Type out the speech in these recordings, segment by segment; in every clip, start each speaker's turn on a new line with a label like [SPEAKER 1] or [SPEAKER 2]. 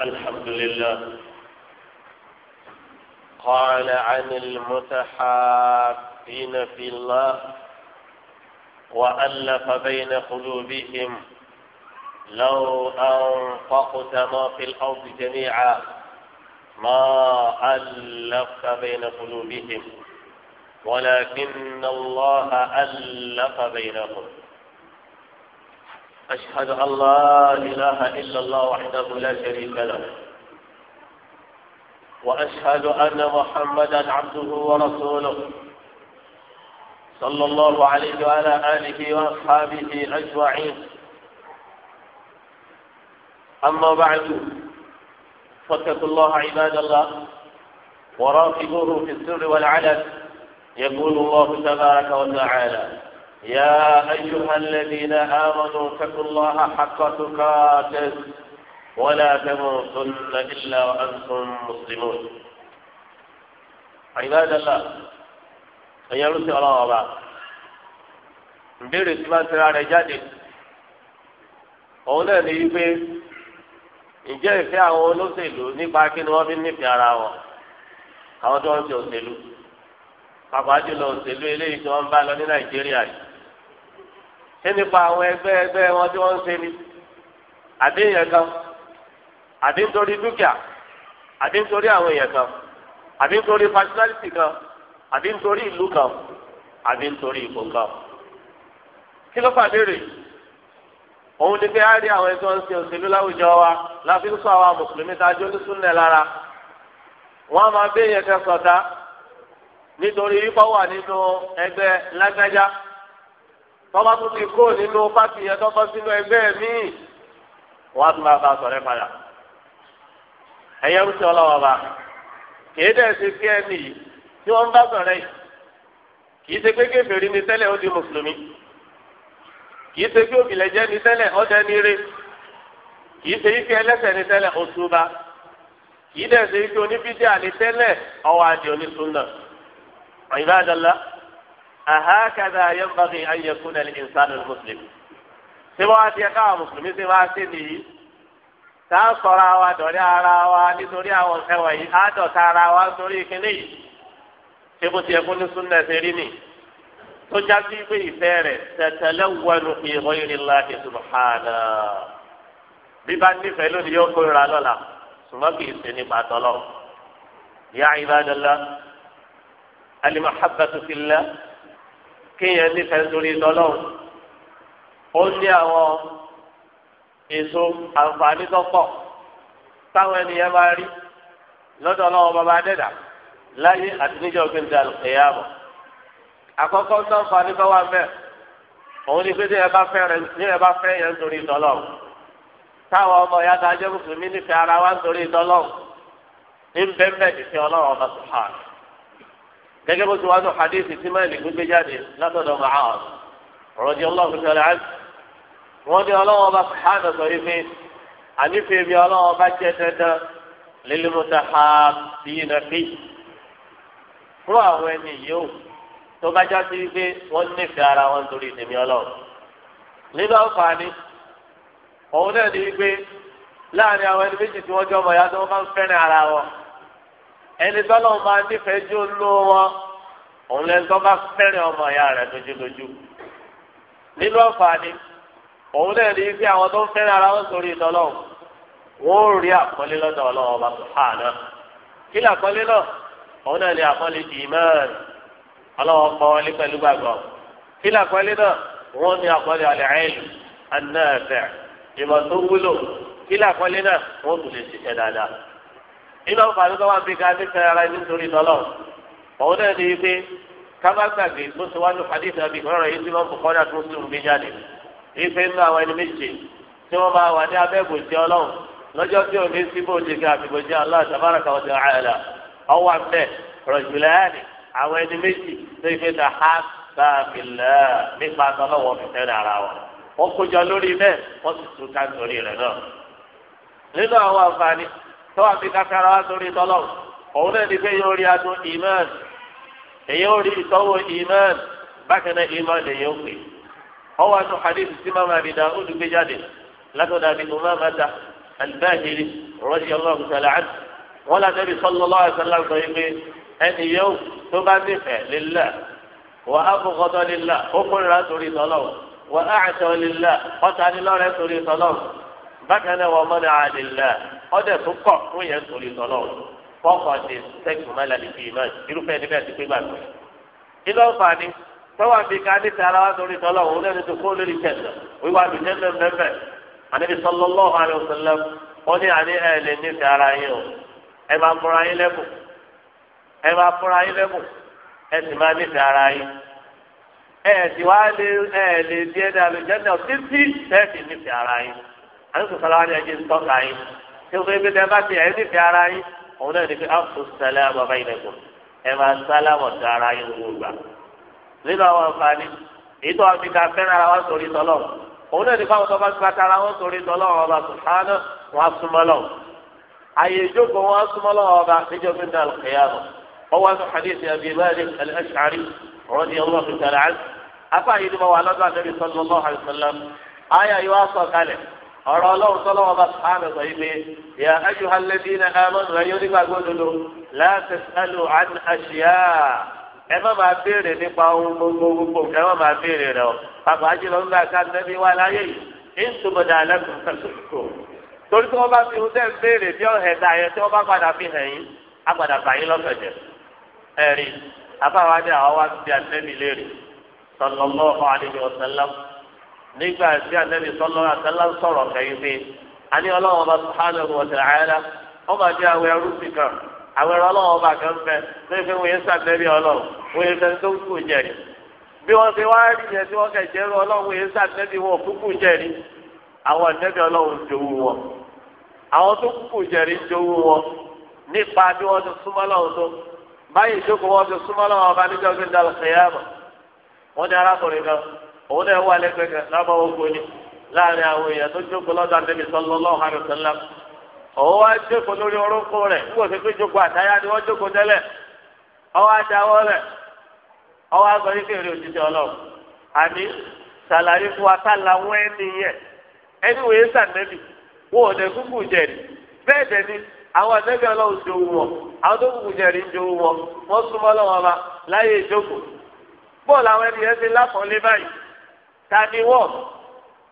[SPEAKER 1] الحمد لله قال عن المتحابين في الله وألف بين قلوبهم لو أنفقت ما في الأرض جميعا ما ألفت بين قلوبهم ولكن الله ألف بينهم أشهد أن لا إله إلا الله وحده لا شريك له وأشهد أن محمدا عبده ورسوله صلى الله عليه وعلى آله وأصحابه أجمعين أما بعد فاتقوا الله عباد الله وراقبوه في السر والعلن يقول الله تبارك وتعالى يا أيها الذين آمنوا اتقوا الله حق تقاته ولا تموتن إلا وأنتم مسلمون عباد الله ẹ̀yẹ lùsí ọlọ́wọ́ ọba ìbéèrè tí wọ́n ti ra rẹ̀ jáde òun náà ní wípé ǹjẹ́ ìfẹ́ àwọn olóṣèlú nípa kí ni wọ́n fi ara wọn àwọn tó ṣé nípa àwọn ẹgbẹ́ ẹgbẹ́ wọn tí wọ́n ń ṣe ni kan àbí nítorí dúkìá àbí nítorí àwọn èèyàn kan àbí kan àbí nítorí ìlú kan kan. kí ló fàbẹ̀rẹ̀ òun ni pé a rí àwọn ẹgbẹ́ wọn ṣe òṣèlú láwùjọ wa láfi ń sọ àwọn mùsùlùmí tá a jó lùsùnlẹ̀ lára wọ́n máa bẹ́ èèyàn kan sọ̀tá nítorí wà nínú ẹgbẹ́ lágbájá. tọ́ba tún ti kó nínú pátì yẹn tọ́kọ́ sínú ẹgbẹ́ mi, wọ́n á tún bá ba sọ̀rẹ́ padà. ẹ̀yẹ́ ń sọ ọlọ́wọ́ bá kìí dẹ̀ ṣe sí ẹni yìí tí wọ́n ń bá sọ̀rẹ́ yìí kìí ṣe pé kéferì ni tẹ́lẹ̀ ó di mùsùlùmí kìí ṣe pé òbílẹ̀jẹ́ ni tẹ́lẹ̀ ó dẹ́ ní ire kìí ṣe ife ẹlẹ́sẹ̀ ni tẹ́lẹ̀ ó túba kìí dẹ̀ ṣe ife oníbídíà ni tẹ́lẹ̀ ọwọ́ adìẹ onísùn náà ahakada yanbaghi an yakuna al-insanu al-muslim ṣé wọ́n á ti ẹ̀ka àwọn mùsùlùmí ṣe máa ṣe nìyí tá a sọ̀rọ̀ àwa dọ̀rẹ́ ara wa nítorí àwọn nǹkan wọ̀nyí á dọ̀ta ara wa nítorí kíní yìí ṣé bó ti ẹkún ní súnà ṣe rí nì tó já sí pé ìfẹ́ rẹ̀ tẹ̀tẹ̀lẹ́ wọnú fi ghayri Allahi subhana bí bá nífẹ̀ẹ́ lónìí yóò kórira lọ́la ṣùgbọ́n kì í ṣe nípa tọ́lọ́ ya ibadallah al-mahabbatu fillah kéèyàn nífẹ̀ẹ́ sórí lọ́lọ́run ó ní àwọn èso àǹfààní tó pọ̀ táwọn ènìyàn máa rí lọ́dọ̀ ọlọ́run bàbá dẹ́dà láyé àti níjọ́ gbẹ̀ndé àlùkẹ́yà bọ̀. àkọ́kọ́ tó ń fa ní bá wà mẹ́ òun ni pé ní ẹ bá fẹ́ yẹn nítorí ìtọ́lọ́run táwọn ọmọ ìyá tá a jẹ́ mùsùlùmí nífẹ̀ẹ́ ara wa nítorí ìtọ́lọ́run ní bẹ́ẹ̀ bẹ́ẹ̀ ìfẹ́ ọlọ́run ọba sùhàn gẹ́gẹ́ bó ti wá ní hadithi tí máa nìkú gbé jáde látọ̀dọ̀ Mu'adh radiyallahu ta'ala anhu wọ́n ní ọlọ́wọ́ bá sàánà sọ ife ànífẹ́ mi ọlọ́wọ́ bá jẹ́ dandan lil mutahabbina fi fún àwọn ẹni yòó tó bá já sí ife wọ́n nífẹ̀ẹ́ ara wọn torí ìdèmí ọlọ́wọ́ nínú àǹfààní òun náà ní ife láàrin àwọn ẹni méjì tí wọ́n jọ mọ̀ yá tó wọ́n bá ń fẹ́ràn ara wọn ẹni tọ́lọ́ máa nífẹ̀ẹ́ jó ló wọn òun lẹ́nu tó bá fẹ́rẹ̀ ọmọ ìyá rẹ̀ lójúlójú nínú àǹfààní òun náà ní bí àwọn tó ń fẹ́rẹ̀ ara wọn sórí ìtọ́lọ́hùn wọn ò rí àpọ́nlé lọ́dọ̀ ọlọ́wọ́ ọba sùhánà kí ni àpọ́nlé náà òun náà ní àpọ́nlé di imáàlì ọlọ́wọ́ pọ́nlé pẹ̀lú gbàgbọ́ kí ni àpọ́nlé náà wọn ní àpọ́nlé alẹ́ àìlù anáàfẹ́ ìmọ̀ tó wúlò kí ni náà wọn kò lè ṣiṣẹ́ dáadáa nínú àwọn fàánù tó wà bí ká ní sẹ́yà ara nítorí tọ́lọ̀ òun náà ní pé kábàgbàgbé tó ti wá ní hadith àbí ìkọ́rọ̀ yìí tí wọ́n kọ́ dà tó sùn mí jáde ife nínú àwọn ẹni méje tí wọ́n máa wà ní abẹ́bò sí ọlọ́run lọ́jọ́ tí ò ní síbò ti ga àbíbò sí Allah tabaraka wa ta'ala ọwọ́ àfẹ́ rọ̀jùlẹ́ẹ̀nì àwọn ẹni méjì tó ife ta ha sáàbìlẹ̀ nípa tọ́lọ́wọ́ fìfẹ́ tó wà fi káfí ara wa sórí tọ́lọ̀ òun náà ní pé yóò rí adùn iman èyí ó rí ìtọ́wò iman bákan náà iman lè yóò pè ọwọ́ àti hadith tí mama abi dawud gbé jáde látọ̀dọ̀ abi umamata albahili radiyallahu ta'ala anhu wọn látẹ̀bi sallallahu alaihi wasallam sọ yìí pé ẹni yóò tó bá nífẹ̀ẹ́ lillah wà á fò kọ́tọ́ lílà ó kórìíra torí tọ́lọ̀ wà á àtọ́ lílà ọ̀tá lílọ́rẹ́ torí tọ́lọ̀ bákan náà wà mọ́ni ọdẹ tó kọ̀ fún yẹn torí tọ́lọ́ fọ́kàn ti sẹ́kùn mẹ́lẹ̀ ní fi iná irúfẹ́ níbẹ̀ ti pé gbàgbé. ilé ọ̀fààní tọ́wọ́ àbí ká ní ti ara wa torí tọ́lọ́ òun lẹ́nu tó kó lórí kẹsàn-án wíwá àbí jẹ́ńdẹ̀ mẹ́fẹ̀ àníbi sallallahu alaihi wasallam ó ní àní ẹ̀ lè ní ti ara yín o ẹ máa fúnra yín lẹ́kùn ẹ máa fúnra yín lẹ́kùn ẹ sì máa ní ti ara yín ẹ̀ẹ́dì wá lé ẹ̀ẹ́dì ẹ̀dà lójẹ́dà títí tẹ́ẹ̀dì nífẹ̀ẹ́ ara yín àti sọ̀tàlá ni ẹ̀jẹ̀ ń tọ́ka ìwé ibi tẹ bá ti ẹ̀ ní fi ara yín òun náà ní fi áfù sálámà báyìí lẹ́kùn ẹ máa sálámà dá ara yín gbogbo gbà nínú àwọn àǹfààní èyí tó wà fi ká fẹ́ràn ara wa sórí tọ́lọ̀ òun náà ní fáwọn tó bá ti bàtà ara wọn sórí tọ́lọ̀ ọba sùhánà wọn á súnmọ́ lọ àyè ìjókòó wọn á súnmọ́ lọ ọba níjọba ní alùpùpù ọwọ́ sọ hadith abi malik al-ashari rọ́ọ̀dì ọlọ́ọ̀fin tẹ̀lé àti afa ọ̀rọ̀ ọlọ́run sọlọ́wọ́ bá sùhánù sọ yìí pé yà ájú alẹ́bí iná amọ́nù ẹ̀yọ́ nígbà gbódodo láti sálù àn àṣìyá ẹ má máa béèrè nípa ohun gbogbo gbogbo ẹ má máa béèrè rẹ o pàpà ájúlọ ń gbà ká nẹ́bí wá láyé yìí ń túbọ̀ dà lẹ́kùn kàṣùkò torí tí wọ́n bá fi ohun tẹ́ ń béèrè bí ọ̀hẹ̀ yẹn tí wọ́n bá padà fi hàn yín á padà bà yín lọ́sọ̀ jẹ ẹ̀rí nígbà tí anabi sọlọ alaihi wasallam sọ̀rọ̀ kẹ́yìn pé àní ọlọ́wọ́n bá subhanahu wa ta'ala wọ́n máa ní àwọn ẹrú sí kan àwọn ẹrú ọlọ́wọ́n bá kan bẹ lórí pé wọ́n sàtẹ́bí ọlọ́wọ́ wọ́n yẹn tó ń bí wọ́n ti wá rí tí wọ́n ọlọ́wọ́ sàtẹ́bí wọn àwọn ẹ̀tẹ́bí ọlọ́wọ́ wọn àwọn tó wọn nípa bí òun náà wà lẹ́gbẹ̀ẹ́ kan lábọ ni láàrin àwọn èèyàn tó jókòó lọ́dọ̀ àdébí sọlọ ọrụ àdùsọlá òun wá jókòó lórí orúnkún rẹ̀ nígbà tó fi jókòó àtayá ni wọn jókòó tẹ́lẹ̀ ọwọ́ adáwọ rẹ̀ ọwọ́ agbọn yìí kéré òjijì Ọlọ́run àní sàlàyé fún wa ká làwọn ẹni yẹn ẹni wòye àwọn Ọlọ́run wọn àwọn tó kùkù wọn súnmọ́ lọ́wọ́ láyé tani wọ́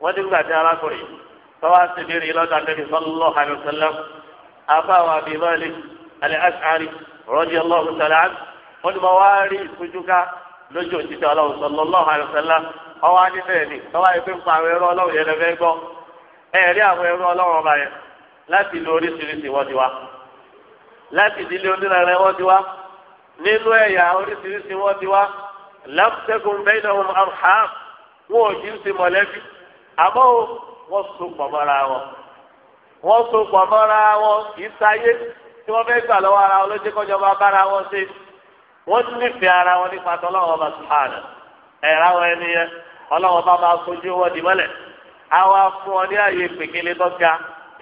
[SPEAKER 1] wọ́n ti gbàdé arákùnrin tọ́wọ́ síbìrì lọ́dọ̀ àtẹ́bí sọ́lọ́ àlùsọ́lọ́ afáwọn abimọ́lẹ̀ alẹ́ aṣáárì rọ́jì ọlọ́run sọ̀rọ̀ àti wọ́n ti mọ wá rí ìfújúká lójú òjijì ọlọ́run sọ̀lọ́ àlùsọ́lọ́ ọwọ́ adífẹ́ ni tọ́wọ́ yìí fi ń pa àwọn ẹrú ọlọ́run yẹn lẹ́fẹ́ gbọ́ ẹ̀rí àwọn ẹrú ọlọ́run ọba yẹn láti lo oríṣiríṣi wọ́n ti wá láti ìdílé onírànlẹ́ wọ́n ti wá nínú ẹ̀yà oríṣiríṣi wọ́n ti wá lámùsẹ́kùn bẹ́ẹ̀ náà wọn ò jí ń ṣe mọ̀lẹ́bí àmọ́ wọ́n so pọ̀ mọ́ra wọn wọ́n so pọ̀ wọn kì tí wọ́n fẹ́ gbà lọ́wọ́ ara wọn lójú kọjọ́ bára wọn ṣe wọ́n nífẹ̀ẹ́ ara wọn nípa tọ́lọ́wọ́ bá sùpàdà ẹ̀rá wọn ẹni yẹn ọlọ́wọ́ bá máa sojú wọn dì mọ́lẹ̀ àwa fún ọ ní àyè pèkélé tọ́ga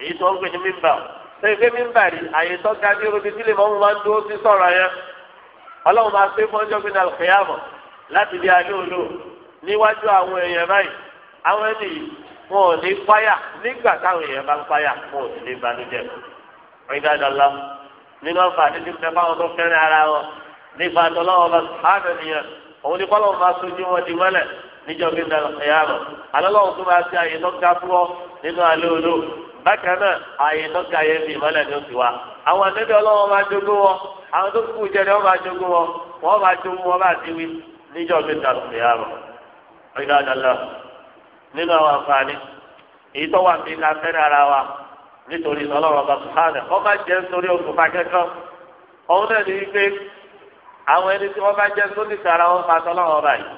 [SPEAKER 1] èyí tó ń pè ní mímbà ṣé ìfẹ́ mímbà rí níwájú àwọn èèyàn báyìí àwọn ẹni ni wọn ò ní páyà nígbà táwọn èèyàn bá ń páyà wọn ò sì ní banújẹ́ nínú nínú báwọn tó ara wọn nípa bá nìyẹn òun ní bá sojú wọn di mọ́lẹ̀ níjọ́ bí ndàlọ́ tó àyè tó ga fún ọ nínú alẹ́ olú bákan náà àyè tó ga yẹn ni ó àwọn àtẹ́tẹ́ ọlọ́wọ́ máa wọn àwọn tó jẹ́ ni wọ́n máa wọn wọ́n ọ̀yọ́ àdàlọ́ nínú àwọn àǹfààní èyí tó wà ní ká fẹ́rẹ̀ ara wa nítorí ọlọ́run ọba sùhánà wọ́n bá jẹ́ nítorí òkùnfà kẹ́kọ̀ọ́ ọ̀hún náà ní wípé àwọn ẹni tí wọ́n bá jẹ́ sódì sára wọn máa tọ́lọ́run ọba yìí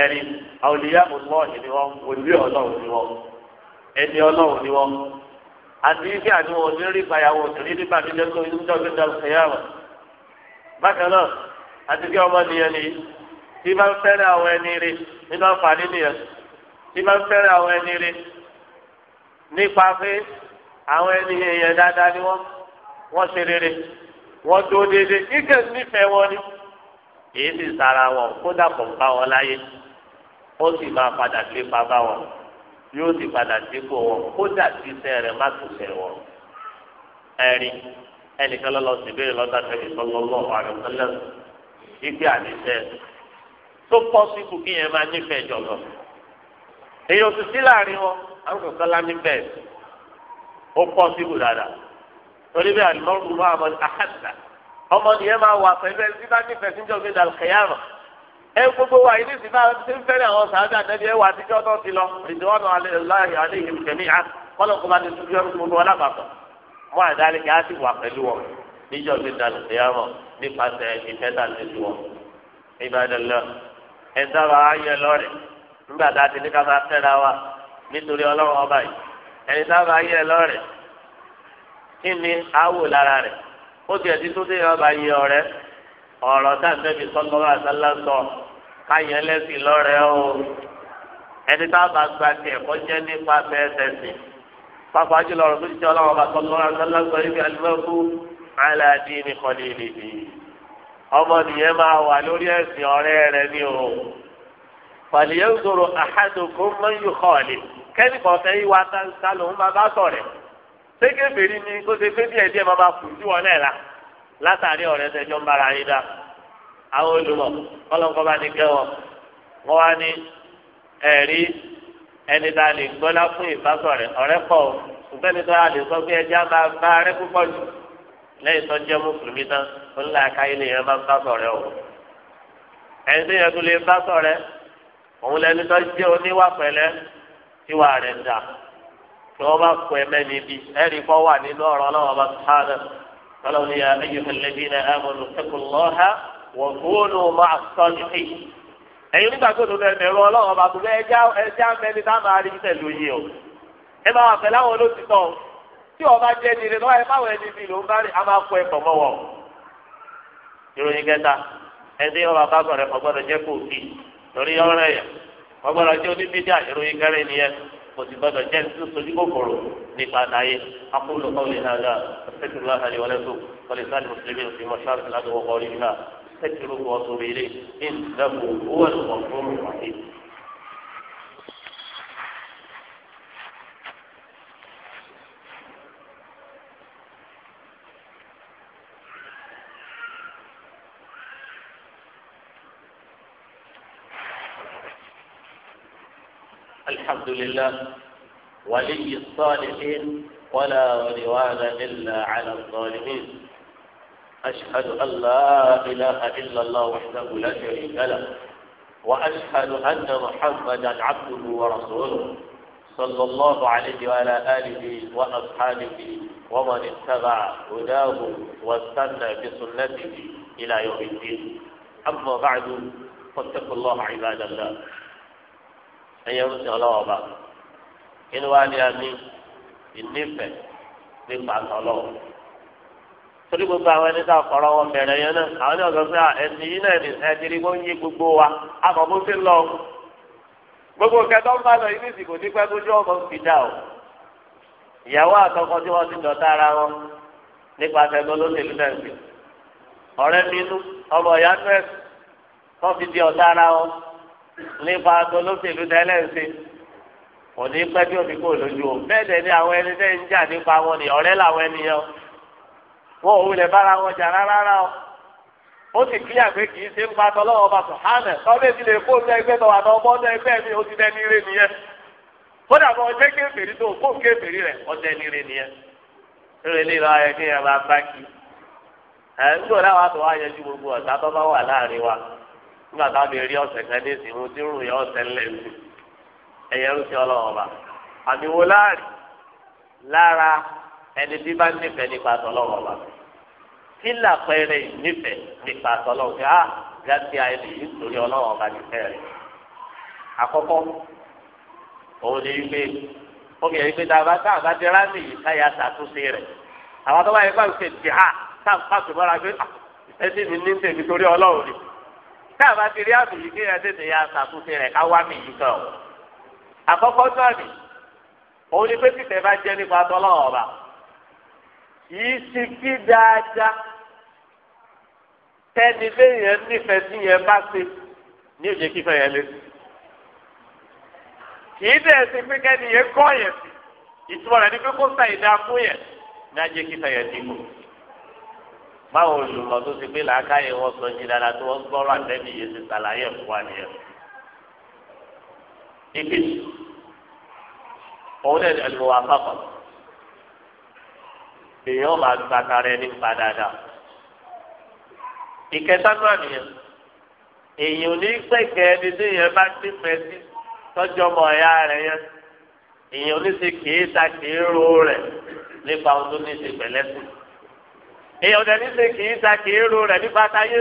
[SPEAKER 1] ẹ̀rí àwòlíyá òṣùwọ̀n ni wọ́n olùbí ọlọ́run ni wọ́n ẹni ọlọ́run ni wọ́n àti ibi àdúgbò onírìí ìgbàyàwó òṣèré nígbà tó jẹ́ sódì sára wọn bákan náà àti bí ọmọ nìyẹn ni tí bá ń fẹ́rẹ̀ àwọn ẹni rí nínú àǹfààní nìyẹn tí bá ń fẹ́rẹ̀ àwọn ẹni rí nípa pé àwọn ẹni èèyàn dáadáa ni wọ́n wọ́n ṣe rere wọ́n tó déédéé kíkẹ́ nífẹ̀ẹ́ wọn ni èyí sì sara wọn kódà kò bá wọn láyé ó sì máa padà gbé pa bá wọn yóò sì padà dípò wọn kódà tí iṣẹ́ rẹ̀ má tún ṣe wọn ẹ̀rí ẹnìkan lọ́lọ́ sí ìbéèrè lọ́dọ̀ àtẹ̀yìn tó lọ́lọ́ àrùn tẹ́lẹ̀ ìgbé àdìsẹ́ tó pọ̀ sí kù kí yẹn máa nífẹ̀ẹ́ jọ̀lọ̀ èèyàn sì sí láàrin wọn àwọn kò sọ́lá nífẹ̀ẹ́ ó pọ̀ sí kù dáadáa torí bí alimọ́rù wà mọ́ àhàtà ọmọ nìyẹn máa wà pẹ̀lú ẹni tí bá nífẹ̀ẹ́ sí jọ̀gbé dàlù kẹyàmọ̀ ẹ gbogbo wa yìí nísìnyí máa ti ń fẹ́rẹ̀ àwọn sàádà nẹ́bí ẹ àtijọ́ tó ti lọ ìdíwọ́nà aláìláì ẹ̀dá wa ayọ̀ lọ́rẹ̀ nígbà tá a ti ní ká máa fẹ́ra wa nítorí ọlọ́run ọba yìí ẹ̀dá wa ayọ̀ lọ́rẹ̀ kí ni awò lára rẹ̀ ó ti ẹ̀dí tó dé ọba yìí ọ̀rẹ́ ọ̀rọ̀ dáńtẹ́bí sọ́kọ́rọ́ àtàlá sọ káyọ̀ lẹ́sìn lọ́rẹ̀ o ẹni tá a bá gba tiẹ̀ kọ́ jẹ́ nípa fẹ́ẹ́sẹ̀ sí pápá jùlọ ọ̀rọ̀ tó ti jẹ́ ọlọ́run ọba sọ́kọ́rọ́ àtàlá sọ ọmọ nìyẹn máa wà lórí ẹ̀sìn ọ̀rẹ́ rẹ ní o fàlìyẹ́ sọ̀rọ̀ àhádùkú mọ́yì kọ́ọ̀lì kẹ́ni kọ̀ọ̀tẹ́ yìí wá tá lòun máa bá sọ̀rẹ̀ sékèbèrè ni kó ṣe pé díẹ̀ díẹ̀ máa bá kù sí wọn náà la látàrí ọ̀rẹ́ tẹjọ́ ń bára yín dá àwọn olùmọ̀ kọ́lọ́ńkọ́ bá ní kẹ́wọ̀ wọ́n wá ní ẹ̀rí ẹni tá a lè gbọ́lá fún ìbásọ̀rẹ̀ ọ̀rẹ́ pọ̀ ṣùgbọ́n ẹni tá a lè sọ pé ẹjá máa bá arẹ́ púpọ̀ jù lẹ́yìn tó jẹ́ mùsùlùmí tán ńlá káyé lèyàn bá ń bá sọ̀rẹ́ o ẹni tó yẹ kó lè bá sọ̀rẹ́ òun lẹni tó jẹ́ oníwà pẹ̀lẹ́ tíwà rẹ̀ dà tí wọ́n bá kọ ẹ̀mẹ́ níbi ẹ̀rí kọ́ wà nínú ọ̀rọ̀ ọlọ́wọ́ bá sáré ọlọ́wọ́ ni ayélujára lẹ́bí ní amúnú ẹ̀kọ́ lọ́ha wọ́n fóònù máa sọ́ọ̀tì ẹ̀yin nígbà tó tó bẹ̀rẹ̀ ẹ̀rọ ọlọ́wọ́ bá tó bẹ́ẹ̀ ẹja mẹ́ni tá a máa rí tẹ̀ lóye o ẹ máa wà pẹ̀lú àwọn olóòtítọ́ tí wọ́n bá jẹ́ nílé lọ́wọ́ ẹ máa wọ ìròyìn kẹta ẹni yọ bàbá sọ̀rọ̀ kò gbọ́dọ̀ jẹ́ kó kí torí ọ̀rẹ́ yẹn kò gbọ́dọ̀ jẹ́ oníbídíà ìròyìn kẹrin nìyẹn kò sì gbọ́dọ̀ jẹ́ ní sojú kòkòrò nípa àdáyé akúlù kọ́ọ̀lì hàgà ṣètìlú àhàlì wọlé tó kọ́lì sáàlì mùsùlùmí fi mọ̀ṣáàlì láti wọ́kọ̀ ọ̀rí الحمد لله ولي الصالحين ولا رضوان إلا على الظالمين أشهد أن لا إله إلا الله وحده لا شريك له وأشهد أن محمدا عبده ورسوله صلى الله عليه وعلى آله وأصحابه ومن اتبع هداه واستنى بسنته إلى يوم الدين أما بعد فاتقوا الله عباد الله ẹyẹ ń sọ ọlọ́wọ́ bá inú wa ni a ní ìnífẹ̀ nípa ọlọ́wọ́ torí gbogbo àwọn ẹni tá a bẹ̀rẹ̀ yẹn náà àwọn ní ọ̀sán ẹni yìí gbogbo wa àmọ́ ti gbogbo kẹtọ́ ń bá lọ yìí ní pẹ́ o ìyàwó àtọkọ tí wọ́n ti ara wọn nípasẹ̀ náà ọ̀rẹ́ mi inú ọmọ ìyá fi nípa aṣọ lóṣèlú tẹ́lẹ̀ ń ṣe kò ní pẹ́ bí òbí kò lójú o bẹ́ẹ̀ ni àwọn ẹni tẹ́ ń jà nípa wọn ni ọ̀rẹ́ làwọn ẹni yẹn wọn ò wulẹ̀ bára wọn jà rárá o ó sì kí àgbẹ̀ kì í ṣe ń pa tọ́lọ́wọ́ bá sùhánẹ̀ tọ́lé ti lè fóònù ẹgbẹ́ tó wà náà bọ́ọ̀nù ẹgbẹ́ mi ó ti ire nìyẹn nígbà tá a bẹ rí ọ̀sẹ̀ kan ní ìsìn mo ti rùn yẹn ọ̀sẹ̀ lẹ́nu ẹ̀yẹ ń ṣe ọlọ́wọ́ bá àmì wo láàrin lára ẹni tí bá nífẹ̀ẹ́ nípa tọ́lọ́wọ́ bá kí làpẹẹrẹ nífẹ̀ẹ́ nípa tọ́lọ́wọ́ bá gàdí àìlè nítorí ọlọ́wọ́ bá nífẹ̀ẹ́ rẹ̀ àkọ́kọ́ òun ni wípé obìnrin pé tá a bá tá a bá ti rámì yìí káyà ṣàtúnṣe rẹ̀ àwọn tó bá yẹ kó àwọn ṣe tì á tá a bá tó bọ́ra pé ah, ẹtí mi ní tèmi torí ọlọ́wọ́ ni. tá a bá ti rí àmì yìí kéèyàn tètè ya ṣàtúnṣe rẹ̀ ká wá mi yìí tọ̀. àkọ́kọ́ náà nì òun ni bá jẹ́ nípa ọba yìí ṣe fi dáadáa tẹ́ni léèyàn nífẹ̀ẹ́ sí yẹn bá ṣe ní òye kífẹ́ yẹn lé. dẹ̀ ṣe pé kẹ́ni yẹn kọ́ yẹn sí ìtumọ̀ rẹ̀ ni pé kó fún yẹn ní ajé yẹn báwo olùmọ̀ tó ti gbé làákàyè wọn sọ jí dáadáa tó wọ́n gbọ́rọ̀ àtẹ́bí yìí ti sàlàyé fún wa nìyẹn. ibi òun náà ẹni wà pápá èèyàn máa gba tara ẹni pa dáadáa. ìkẹta náà nìyẹn èèyàn ní pẹ̀kẹ́ ẹni tí èèyàn bá ti pẹ́ sí tọ́jú ọmọ ọ̀yá rẹ̀ yẹn èèyàn ní ṣe kìí ta kìí ro rẹ̀ nípa ohun tó ní ṣe pẹ̀lẹ́sìn èèyàn ọ̀dẹ̀ ní sè kì í sa kì í ro rẹ̀ nípa táyé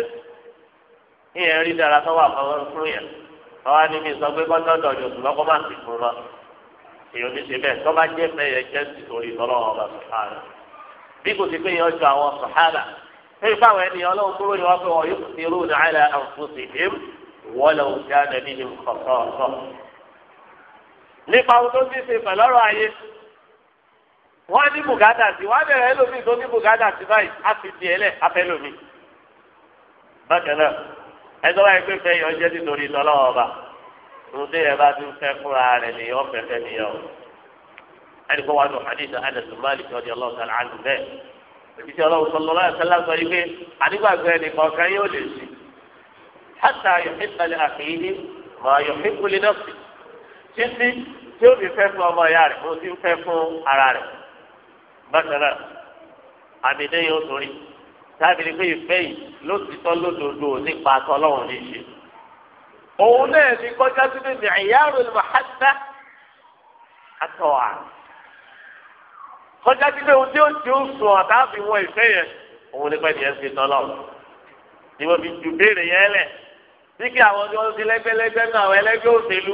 [SPEAKER 1] ìyẹn rí dára tó wà fọwọ́ fún yẹn ọwọ́ níbi sọ pé kọ́ lọ́dọ̀ ọjọ́ ṣùgbọ́n kọ́ máa sì fún lọ èèyàn ní ṣe bẹ́ẹ̀ tó bá jẹ́ pé yẹn jẹ́ nítorí tọ́lọ́wọ́ ọba sùhárà bí kò sí pé yẹn ọjọ́ àwọn sùhárà èyí fáwọn ènìyàn ọlọ́run kúrò yẹn wọ́n pé wọ́n yóò ti rú ní àlẹ́ àǹfọ̀sì hìm wọ́n lọ sí àdàbí hìm kọ̀ọ̀kọ̀ọ̀kọ̀ wọ́n ní bùgádà sí wọ́n á bẹ̀rẹ̀ ẹlòmíì tó ní bùgádà sí báyìí á fi di ẹlẹ́ afẹ́lòmíì. bákan náà ẹjọ́ wáyé pé fẹ́ yọ jẹ́ nítorí lọ́lọ́wọ́ ọba lóde ẹ̀ bá tún fẹ́ fúnra rẹ̀ nìyọ́ fẹ́fẹ́ ẹni kó wàá hadith Malik bẹ́ẹ̀ ọlọ́run sọ yìí pé kan yóò lè sí hàtà yòókìtàlẹ̀ mà yòókìtàlẹ̀ títí tí ó fi fẹ́ fún ọmọ ìyá rẹ̀ ti ń fẹ́ fún bákan náà àmìlẹ yóò torí tábìlì pé ìfẹ́ yìí ló ti tọ́ lódodo nípa tọ́lọ́run ní ṣe. òun náà ní kọjá sí ní mìíràn ní màhádá àtọ̀wà kọjá sí pé ohun tí ó ti ń sùn ọ̀tá fi wọ ìfẹ́ yẹn òun ní pẹ́ẹ́ni ẹ̀ ń fi ni wọ́n fi ju béèrè yẹn lẹ̀ bí kí àwọn ọdún ọdún lẹ́gbẹ́lẹ́gbẹ́ náà ẹlẹ́gbẹ́ òṣèlú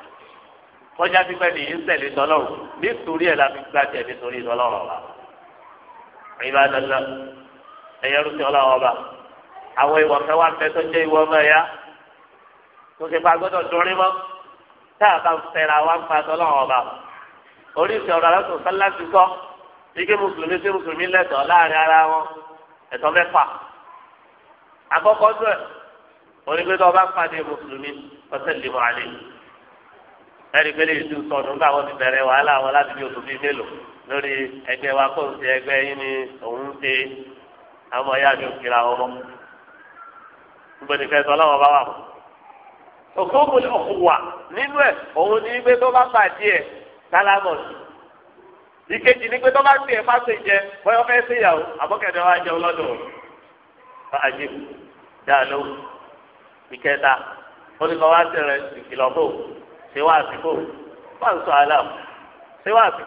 [SPEAKER 1] kọjá pípẹ́ ní ìṣẹ̀lẹ̀ tọ́lọ́run nítorí ẹ̀ la fi gbàjẹ́ nítorí tọ́lọ́run ọba ìbá dandan ẹ̀yẹ́rú ti ọlọ́run ọba àwọn ìwọ̀ fẹ́ wá fẹ́ tó jẹ́ ìwọ ọmọ ẹ̀yá tó ṣe pa gbọ́dọ̀ dúnrín mọ́ tá a bá fẹ́ra wá ń pa tọ́lọ́run ọba oríṣi ọ̀rọ̀ aláṣọ sálá ti sọ ike mùsùlùmí sí mùsùlùmí lẹ́tọ̀ọ́ láàrin ara wọn ẹ̀tọ́ mẹ́fà àkọ́kọ́ tó ẹni pé lèyí tún sọdún káwọn ti bẹ̀rẹ̀ wàhálà wọn láti bí oṣù bíi mélòó lórí ẹgbẹ́ wa kó ń ṣe ẹgbẹ́ yín ni òun ṣe àwọn ọ̀yá mi ò kíra ọmọ gbẹdẹfẹ sọ lọ́wọ́ bá wà fún. òkúùkù wà nínú ẹ òun ní pé tó bá pàdé ẹ sálámọ sí ìkejì ní pé tó bá tiẹ̀ má ṣe jẹ bọ́yọ̀ fẹ́ ṣe ìyàwó àbọ̀kẹ́dẹ́ wa jẹun lọ́dọ̀ àjẹ dáa lóhùn ìkẹta ó ní kọ́ wá sí rẹ ìkìlọ̀ fóun ṣé wàá sí kò wàá sọ aláàmù ṣé wàá sí.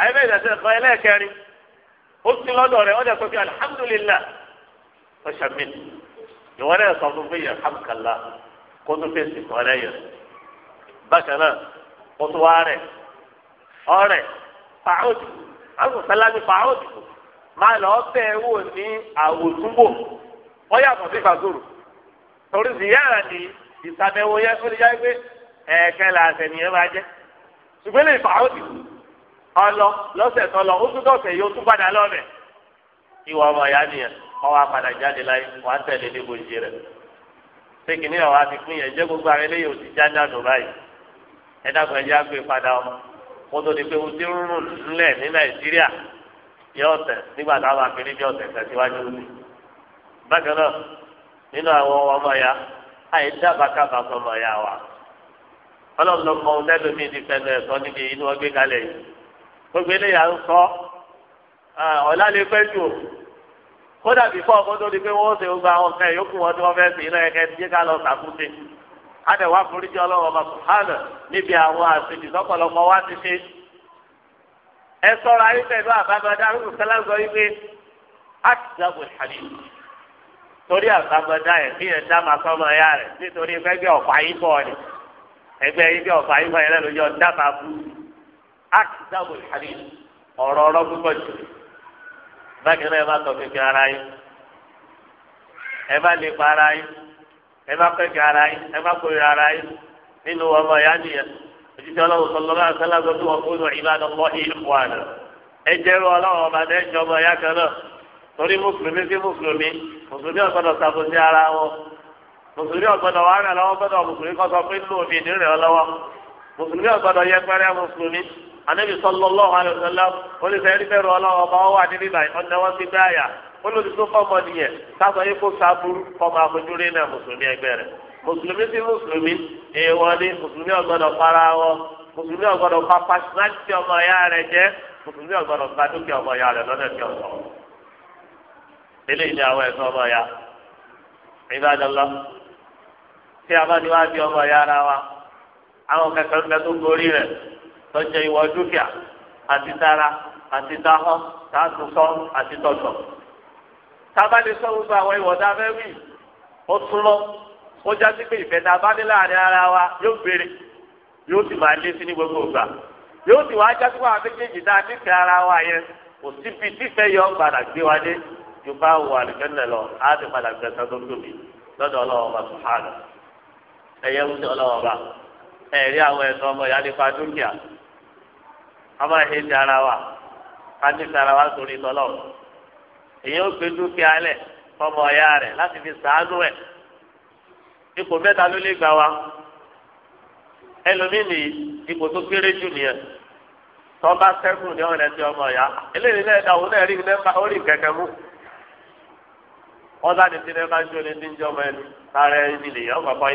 [SPEAKER 1] àyè bẹ́ẹ̀ dàtí ẹ̀kọ́ ẹlẹ́ẹ̀kẹrin ó ti lọ́dọ̀ rẹ̀ ọjà pẹ̀lú alihamudulilá ọ̀ṣàmì ìwọ náà sọ fún mi yàrá kó tó fèsì kọ́ lẹ́yìn bákan náà kó tó wá rẹ̀ ọ̀rẹ́ fàáòtù àwọn sálámi fàáòtù máa lọ bẹ́ẹ̀ wò ní àwòtúnbò wọ́n yàtọ̀ sí fàzúrù torí ziyara ni ìsàmẹ̀wò yẹn tó lè yá ẹ̀ẹ̀kẹ́ la àtẹnìyẹn bá jẹ́ ṣùgbọ́n lè fà ó dì ọlọ lọ́sẹ̀ tó lọ ó tún dọ̀sẹ̀ yìí ó tún padà lọ́bẹ̀ ìwà ọmọ ìyá ni ọwọ́ apàdà jáde láyé wà á tẹ̀lé ní bòjì rẹ̀ ṣé kìíní ọ̀wá ti pín yẹn jẹ́ gbogbo àwọn eléyìí ò ti já dànù báyìí ẹ dàgbọ́n ẹjẹ́ àgbẹ̀ padà ọmọ mo tó di pé mo ti ń rún nílẹ̀ ní Nàìjíríà yẹ ọ̀tẹ̀ nígbà táwọn àfẹ́rí bí ọ̀tẹ̀ tẹ̀síwájú ní bákan náà nínú àwọn ọmọ ya àyè dábàá kábàá fún ọmọ ya wa ọlọ́run ló kọ́ ohun tẹ́lẹ̀ mi ní fẹ́lẹ̀ ẹ̀sọ́ níbi inú ọgbẹ́ kalẹ̀ yìí gbogbo eléyà ń sọ ọ̀la lè pẹ́ jù kódà bí fọ́ ọkọ tó di pé wọ́n ṣe gba àwọn ọ̀kan yòókù wọn tí wọ́n fẹ́ sí iná ẹ̀kẹ́ tí ká lọ sàkúté adẹ̀wà foríjì ọlọ́run ọba sùhánà níbi àwọn àṣejù sọ́pọ̀lọpọ̀ wá ti ṣe ẹ sọ́ra ayé pẹ̀lú àbámadá arúgbó sẹ́lá sọ wípé àtìjábò ìhàlì torí àbámadá ẹ̀ kí ẹ̀ dá màá sọ́mọ ẹ̀yà rẹ̀ nítorí fẹ́gbẹ́ ọ̀pá yìí bọ̀ ni. ẹgbẹ́ yìí bí ọ̀fà yìí wáyé lẹ́nu yọ dábàá fún akitabu hadi ọ̀rọ̀ ọ̀rọ̀ púpọ̀ jù bákan náà ẹ má tọ̀ kékeré ara yín ẹ a lépa ara yín ẹ má kẹ́kẹ́ ara yín ẹ kórè ara yín nínú ọmọ ìyá nìyẹn ọlọ́run wọn lọ ìlú àná ẹ ọlọ́run ọba ọmọ ìyá kan náà torí mùsùlùmí sí mùsùlùmí mùsùlùmí mùsùlùmí ọ̀gbọ́dọ̀ wà rẹ̀ lọ́wọ́ gbọ́dọ̀ mùsùlùmí kọ́ sọ pé nínú omi ìdí rẹ̀ lọ́wọ́ mùsùlùmí ọ̀gbọ́dọ̀ yẹ pẹ́rẹ́ mùsùlùmí anabi sallallahu alaihi wasallam olùfẹ́ rí bẹ́rù ọlọ́wọ́ ọba wà níbí báyìí ọ̀nà wọn ti gbé àyà olùdíjọ́ fọmọ nìyẹn sábà yìí kó sábúrú kọ́mọ àfojúrí náà mùsùlùmí ẹgbẹ́ rẹ̀ mùsùlùmí sí mùsùlùmí èèwọ̀ ni mùsùlùmí ọ̀gbọ́dọ̀ fara wọ mùsùlùmí ọ̀gbọ́dọ̀ pa pàṣípàṣí ọmọ ya rẹ̀ jẹ́ mùsùlùmí ọ̀gbọ́dọ̀ pa dúkìá ọmọ ya rẹ̀ lọ́nà tí ọ̀sán eléyìí tí a bá ní wá bí ọmọ ya ara wa àwọn kẹkẹrù bẹ tó gorí rẹ tọjọ ìwọ dúkìá àti tara àti tahọ tààtúsọ àti tọtọ tábàlì sọ gbogbo àwọn ìwọ tá a fẹ́ wí ó súnmọ́ ó jásí pé ìfẹ́ tá a bá ní láàrin ara wa yóò béèrè yóò sì máa lé sí ní gbogbo ìgbà yóò sì wáá jásí wà méjèèjì tá a ti fẹ́ ara wa yẹn kò síbi tífẹ́ yọ padà gbé wa dé ju bá wà lùkẹ́ńdẹ̀ lọ á ti padà gbẹ̀sán tó tóbi lọ́dọ̀ ọlọ́wọ́ bá tó hàn ẹ̀yẹ ń sọ lọ́wọ́ bá ẹ̀rí àwọn ẹ̀sọ́ ọmọ ìyá nípa dúkìá ọmọ ìṣe ti ara wa ká ní sara wa sórí tọ́lọ̀ èyí ó gbé dúkìá lẹ̀ fọmọ ọ̀yá rẹ̀ láti fi sàánú ẹ̀ ipò mẹ́ta ló lè gbà wá ẹlòmíì ní ipò tó kéré jù nìyẹn tọ́ba sẹ́kù ní ọ̀rẹ́ tí ọmọ ìyá eléyìí náà ẹ̀dá òun náà rí nẹ́ẹ̀mbà ó rí mú ọ̀dà ní ti nẹ́ẹ̀mbà ń ní ti ẹni lára ẹni nìyẹn ọ̀pọ̀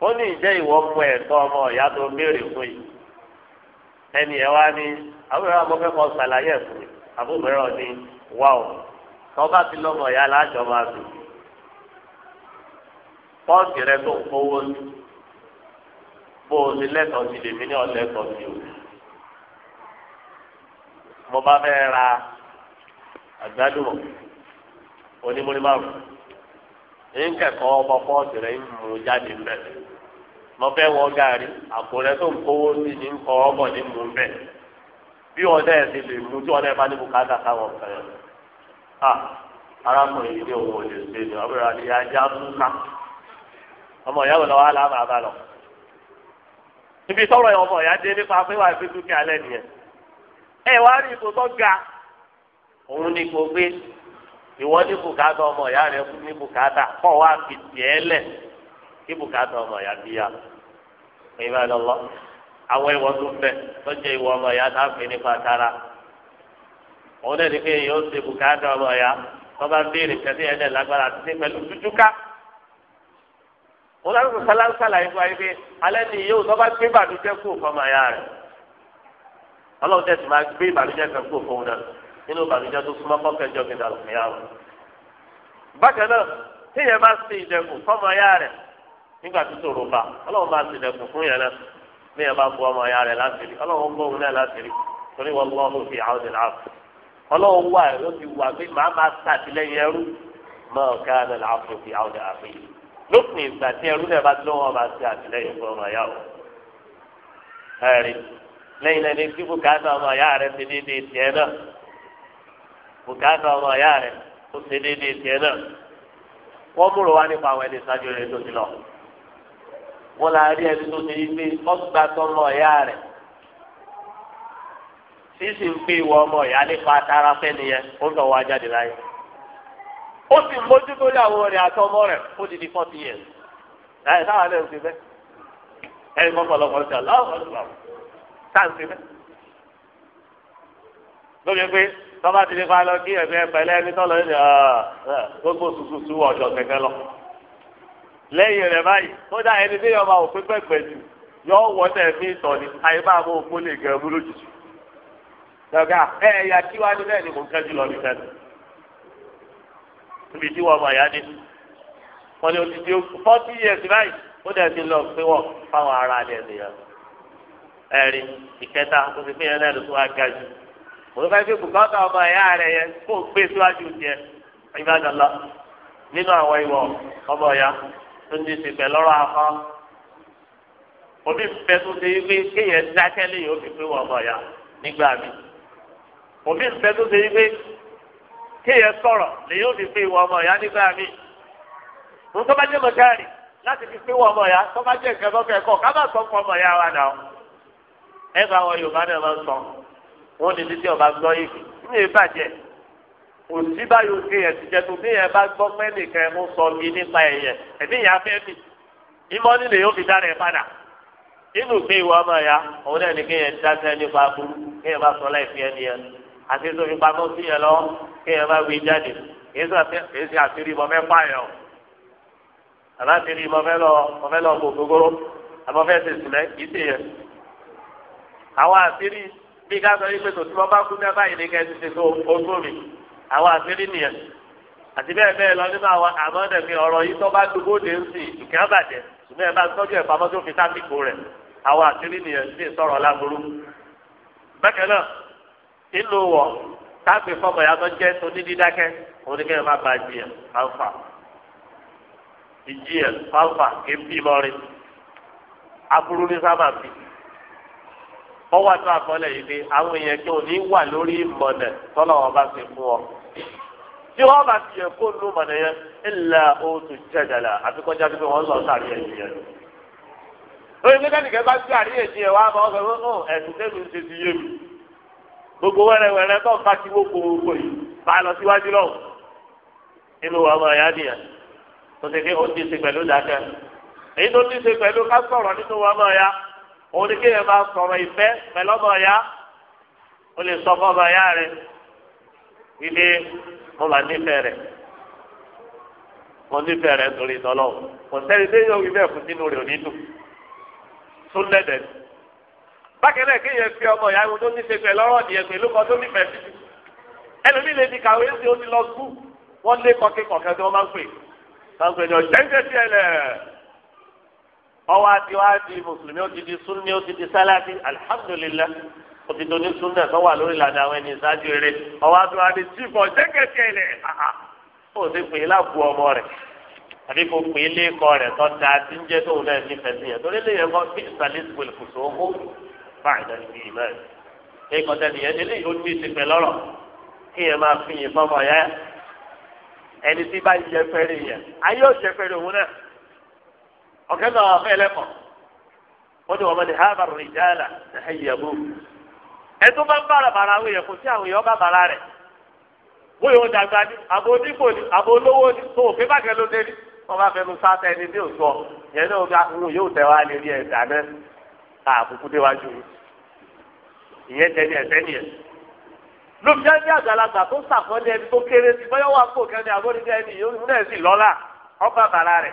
[SPEAKER 1] ó ní ìjẹ́ ìwọ mú ẹ̀tọ́ ọmọ ìyá tó béèrè fún yìí ẹnì ẹ̀ wá ní àwọn ìyá ọmọ fẹ́kọ̀ọ́ ṣàlàyé ẹ̀sùn àbúrò ní wà ó bá ti lọ́mọ ìyá aláṣọ máa sùn rẹ tó kówó bó o lẹ́tọ̀ọ́ sí lèmi ní ọ̀lẹ́tọ̀ọ́ sí ń kẹ̀kọ́ ọmọ pọ́ọ̀sì rẹ̀ ń mú jáde mbẹ́ mo fẹ́ wọ gàrí tó ń kówó sí ní ń kọ́ ọmọ ní mú mbẹ́ bí ọdẹ ẹ̀ ti lè mú tí ọdẹ bá ní bùkátà káwọn fẹ́rẹ̀ à arákùnrin yìí ní òun ò ibi tọrọ ọmọ ìyá dé nípa pé fi dúkìá ẹ wá ga òun ni kò ìwọ ní bùkátà ọmọ ìyá rẹ ní bùkátà kọ́ wa fi tiẹ̀ lẹ̀ kí bùkátà ọmọ ìyá bí ya ìmọ̀ ẹ̀ lọ́lọ́ àwọn ìwọ tó fẹ́ lọ́jọ́ ìwọ ọmọ ìyá tá a fi nípa tara òun náà ní pé ṣe bùkátà ọmọ ìyá bá béèrè ẹ̀dẹ̀ lágbára àti pẹ̀lú sálásálà yìí wáyé pé alẹ́ ni yóò tó bá gbé kú ìyá ọlọ́run tẹ̀sí nínú ìbànújẹ́ tó súnmọ́ kọkẹjọ gbẹdà lọkẹyàwó bákan náà tíyẹn bá ṣe ìdẹkùn fọmọ ya rẹ nígbà tó tòrò bá Ọlọ́run bá ṣe ìdẹkùn fún yẹn náà tíyẹn bá bu ọmọ ya rẹ láti rí Ọlọ́run gbóhùn náà láti rí torí wọn lọ ló fi àwọn ìlànà Ọlọ́run wà ló fi wà pé màá máa ṣàtìlẹ́yìn ẹrú mọ ká náà láàfin fi àwọn ìlànà fi lópin ìgbà tí ẹrú náà bá lọ́wọ́ máa ṣe àtìlẹ́yìn fún ọmọ ya o ẹ̀rí lẹ́yìn náà ní kíkú ká bùkátà ọmọ ìyá rẹ̀ tó ṣe déédéé tiẹ̀ náà wọ́n múrò wá nípa àwọn ẹni sáájú rẹ̀ tó ti lọ. wọ́n la rí ẹni tó ti gbé ọgbà tọmọ ìyá rẹ̀ sísì ń pè wọ ọmọ nípa tara fẹ́ni yẹn ó ń lọ wá jáde láyé. ó sì mójútó ìyàwó rẹ̀ àtọmọ rẹ̀ ó ti di years. ẹ sáwọn tọ́ba ti lè fa lọ kí ẹ̀fẹ́ pẹ̀lẹ́ ẹni tọ́lọ ní gbogbo tuntun ọjọ́ kẹ̀kẹ́ lọ. lẹ́yìn rẹ̀ báyìí kódà ẹni tí yọba òfin pẹ̀pẹ̀ jù yọ wọ tẹ̀ fi tọ̀ ni àyè bá àwọn òfin lè gẹ̀ ọmú lójijì. dọ̀gá ẹ ẹ̀yà kí wá ní bẹ́ẹ̀ ni mò ń kẹ́jú lọ ní sẹ́nu. níbi tí wọ́n mọ̀ ya ní. wọ́n ní odidi forty years báyìí ó dẹ̀ ti lọ pé wọ́n fáwọn ará rẹ̀ òun fẹ́ bùkátà ọmọ ẹ̀yà rẹ̀ yẹn kó gbé síwájú tiẹ̀ ìbádọ́lá nínú àwọn ìwọ ọmọ ọ̀yà tó ní ti bẹ̀ lọ́rọ̀ afọ́ òbí bẹ tó ṣe wípé kéèyàn dákẹ́ lẹ́yìn òbí pé wọ́n ọmọ ọ̀yà nígbà mi òbí bẹ tó ṣe wípé kéèyàn sọ̀rọ̀ lẹ́yìn òbí pé wọ́n ọmọ ọ̀yà nígbà mi òun tó bá jẹ́ mọ̀kárì láti fi pé wọ́n ọmọ ọ̀yà tó bá jẹ́ nǹkan wọn ní títí ọba gbọ́ yìí ní ìbàjẹ́ òsì báyìí oge yẹn ti jẹun bí yẹn bá gbọ́ mẹ́nìkan mú sọ mi nípa ẹ̀yẹ ẹ̀mí yẹn afẹ́ mi ìmọ̀ni lè yóò fi dára ẹ̀ padà inú gbé ìwà ọmọ ya òun náà ní kí yẹn dáṣẹ́ nípa aburú kí yẹn bá sọ láìpẹ́ ẹni yẹn àti tó fi pamọ́ sí yẹn lọ kí yẹn bá wí jáde kìí ṣe àṣírí ìmọ̀ fẹ́ pààyàn o àláṣírí ìmọ̀ fẹ́ lọ mọ̀ fẹ́ lọ kò gbogbo bí ká sọ wípé tòtí wọn bá kú ní abáyé ní kẹsì ṣe tó ogún mi àwọn àṣírí nìyẹn àti bẹ́ẹ̀ bẹ́ẹ̀ lọ nínú àwọn àmọ́dẹ̀mí ọ̀rọ̀ yìí tó bá dúró dé ń sìn ìkẹ́ bàjẹ́ ṣùgbọ́n ẹ bá tọ́jú ẹ̀ pamọ́ tó fi sásìkò rẹ̀ àwọn àṣírí nìyẹn sì sọ̀rọ̀ láburú. bákan náà inú wọ̀ táàpì fọmọ yàtọ̀ jẹ́ tó ní dídákẹ́ òun ni kẹ́ ẹ má ba jìyàn fáńfà ìjìyàn fáńfà kì í ọwọ́ àti àkọọ́lẹ̀ yìí pé àwọn èèyàn kí òní wà lórí ìmọ̀nà tọ́lọ̀ wọn bá fi fún ọ. tí wọ́n bá ti yẹ kó lu mọ̀nà yẹn ńlá oṣù jẹjẹrẹ àti kọjá pé wọ́n lọ sáré ẹ̀yìn yẹn. lórí pé kẹ́nìkẹ́ bá sí àríyànjiyàn yẹn wá bá ọkọ̀ ẹ̀ ọ́ ẹ̀sùn tẹ́lu ń ṣe ti yé mi. gbogbo wẹ́rẹ́wẹ́rẹ́ tó ń bá ti wókò wókò yìí bá lọ síwájú lọ́wọ́. inú wa máa òun ni kéèyàn bá sọ̀rọ̀ ìfẹ́ pẹ̀lú ọmọ ọ̀yá ó lè sọ fún ọmọ ọ̀yá rẹ̀ ilé mo bá nífẹ̀ẹ́ rẹ̀ mo nífẹ̀ẹ́ rẹ̀ torí tọ́lọ́ kò sẹ́ni tí yóò wí bẹ́ẹ̀ fún sínú rẹ̀ òní dùn tún lẹ́dẹ̀ẹ́ bákan náà kéèyàn fi ọmọ ìyá ìwọ tó nífẹ̀ẹ́ pẹ̀lú ọ̀rọ̀ nìyẹn pẹ̀lú kan tó nífẹ̀ẹ́ sí ẹlòmíì lè di kàwé sí ó ti lọ sùn wọ́n lé kọ́kí kọ̀ọ̀kan wọ́n máa ń pè máa ń pè ní ọ̀jẹ̀ńkẹ́ sí ẹlẹ́ẹ̀ ọwọ́ àti wá di mùsùlùmí ó ti di súnni ó ti di sálátì alihamudulilá ó ti do ní súnni tó wà lórí ìlànà àwọn ẹni ìsáájú eré ọwọ́ àti wá di tìfọ̀ jẹ́kẹ̀kẹ̀lẹ̀ ó ti pè é láàbù ọmọ rẹ̀ àbí kò pè é lẹ́kọ̀ọ́ rẹ̀ tó ta tí ń jẹ́ tóun náà nífẹ̀ẹ́ sí yẹn torí lẹ́yìn ẹ̀kọ́ bí ìsàlẹ̀ ìsìnkú ìfòsò ó fàìdà ní ìmọ̀ ọ̀kẹ́ náà wà fún ẹlẹ́kọ̀ wọ́n ti wọ́n mọ̀ ní harvard rìjálà ẹ̀yẹ̀bù ẹ̀tún bá ń bára bàrà àwọn èèyàn bara sí àwọn èèyàn bá bàrà rẹ̀ wọ́n yóò dàgbà ní àbò onígbò ní àbò olówó ní tó òfin bá kẹ́ ló dé ní wọ́n ẹni ẹni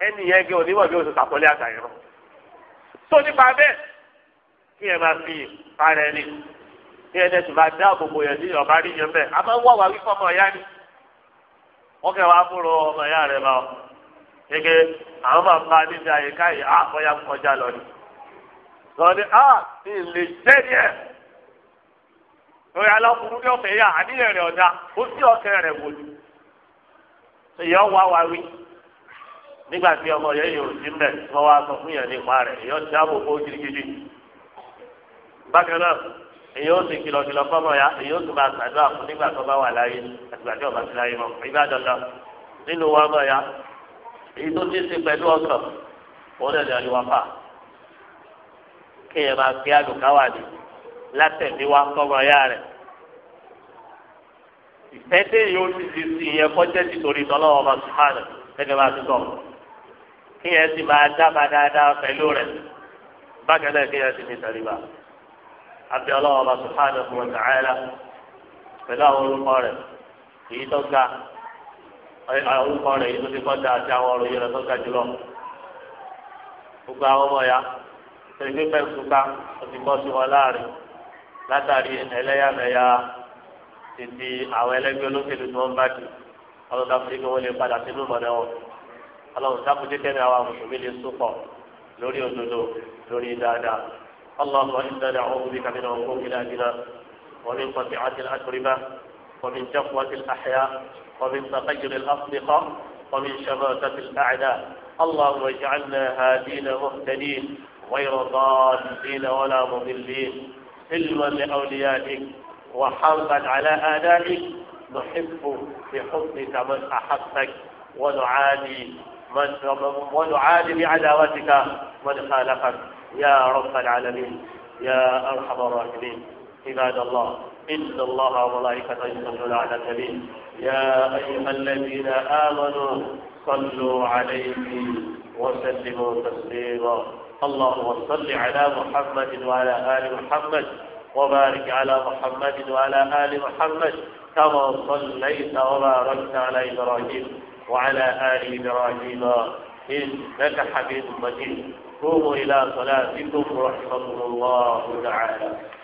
[SPEAKER 1] ẹni yẹn gé onímọ̀ bí oṣù sàkólé àtàyẹ̀rọ. tó nípa bẹ́ẹ̀ kí ẹ máa fi ara ẹni kí ẹ dẹ́sùn máa dá gbogbo yẹn sí ọ̀bá rí yẹn bẹ́ẹ̀ a máa ń wá wa wí fọmọ ọ̀yá ni wọ́n kẹ́ wàá fúnra ọmọ ìyá rẹ̀ lọ gẹ́gẹ́ àwọn máa fa níbi àyíká yìí ah, á kọjá kọjá lọ ni lọ ni á ní ah, ilé jẹ́ ni ẹ̀ lórí alákùnrin ní ọ̀fẹ́ yà àníyàn rẹ̀ ọ̀dà ó sí ọ̀kẹ́ rẹ̀ wò ni ìyá wa wí nígbà tí ọmọ yẹn yóò sí mbẹ wọn wá sọ fún yẹn nípa rẹ̀ èyí ó ti dáàbò bò gidigidi bákan náà èyí ó sì kìlọ̀kìlọ̀ fọmọ ya èyí ó sì máa ṣàdúrà fún nígbà tó bá wà láyé àtìgbà tí ọba ti láyé mọ ìgbà dandan nínú wa mọ ya èyí tó ti ṣe pẹ̀lú ọkàn òun náà ní àlùwà fà kéèyàn máa fi àlùkáwà ní látẹ̀míwá fọmọ ya rẹ̀ ìfẹ́ tẹ̀yìn ó ti di sí ìyẹn kọ́jẹ́ ti torí tọ́lọ́wọ́ ọba sùhánà gẹ́gẹ́ bá ti sọ̀rọ̀ kíyẹn sì máa dábàá dáadáa pẹ̀lú rẹ̀ bákan náà kíyẹn sì ní sàríwá abẹ́ ọlọ́wọ́ bá subhanahu wa ta'ala pẹ̀lú àwọn orúkọ rẹ̀ èyí tó ga orúkọ rẹ̀ èyí tó ti kọjá àti àwọn ọ̀rọ̀ yẹn tó ga jùlọ gbogbo àwọn ọmọ ya pẹ̀lú pípẹ́ ìtúká ó ti bọ́ sí wọn láàrin látàrí ẹlẹ́yàmẹ̀yà títí àwọn ẹlẹ́gbẹ́ olóṣèlú tí wọ́n bá dì ọlọ́dà fún ikú wọn lè padà sínú mọ̀nà wọn. ọlọ́run sábòjé tẹ́lẹ̀ àwọn mùsùlùmí lè sopọ̀ lórí òdodo lórí dáadáa اللهم إنا نعوذ بك من عقوق الأدنى ومن قطيعة الأتربة ومن جفوة الأحياء ومن تغير الأصدقاء ومن شماتة الأعداء اللهم اجعلنا هادين مهتدين غير ضالين ولا مضلين علما لأوليائك وحربا على آدائك نحب بحبك من أحبك ونعادي من ونعادي بعداوتك من خالفك يا رب العالمين يا أرحم الراحمين عباد الله إن الله وملائكته يصلون على النبي يا أيها الذين آمنوا صلوا عليه وسلموا تسليما اللهم صل على محمد وعلى آل محمد وبارك على محمد وعلى آل محمد كما صليت وباركت على إبراهيم وعلى آل إبراهيم إنك حميد مجيد قوموا إلى صلاتكم رحمكم الله تعالى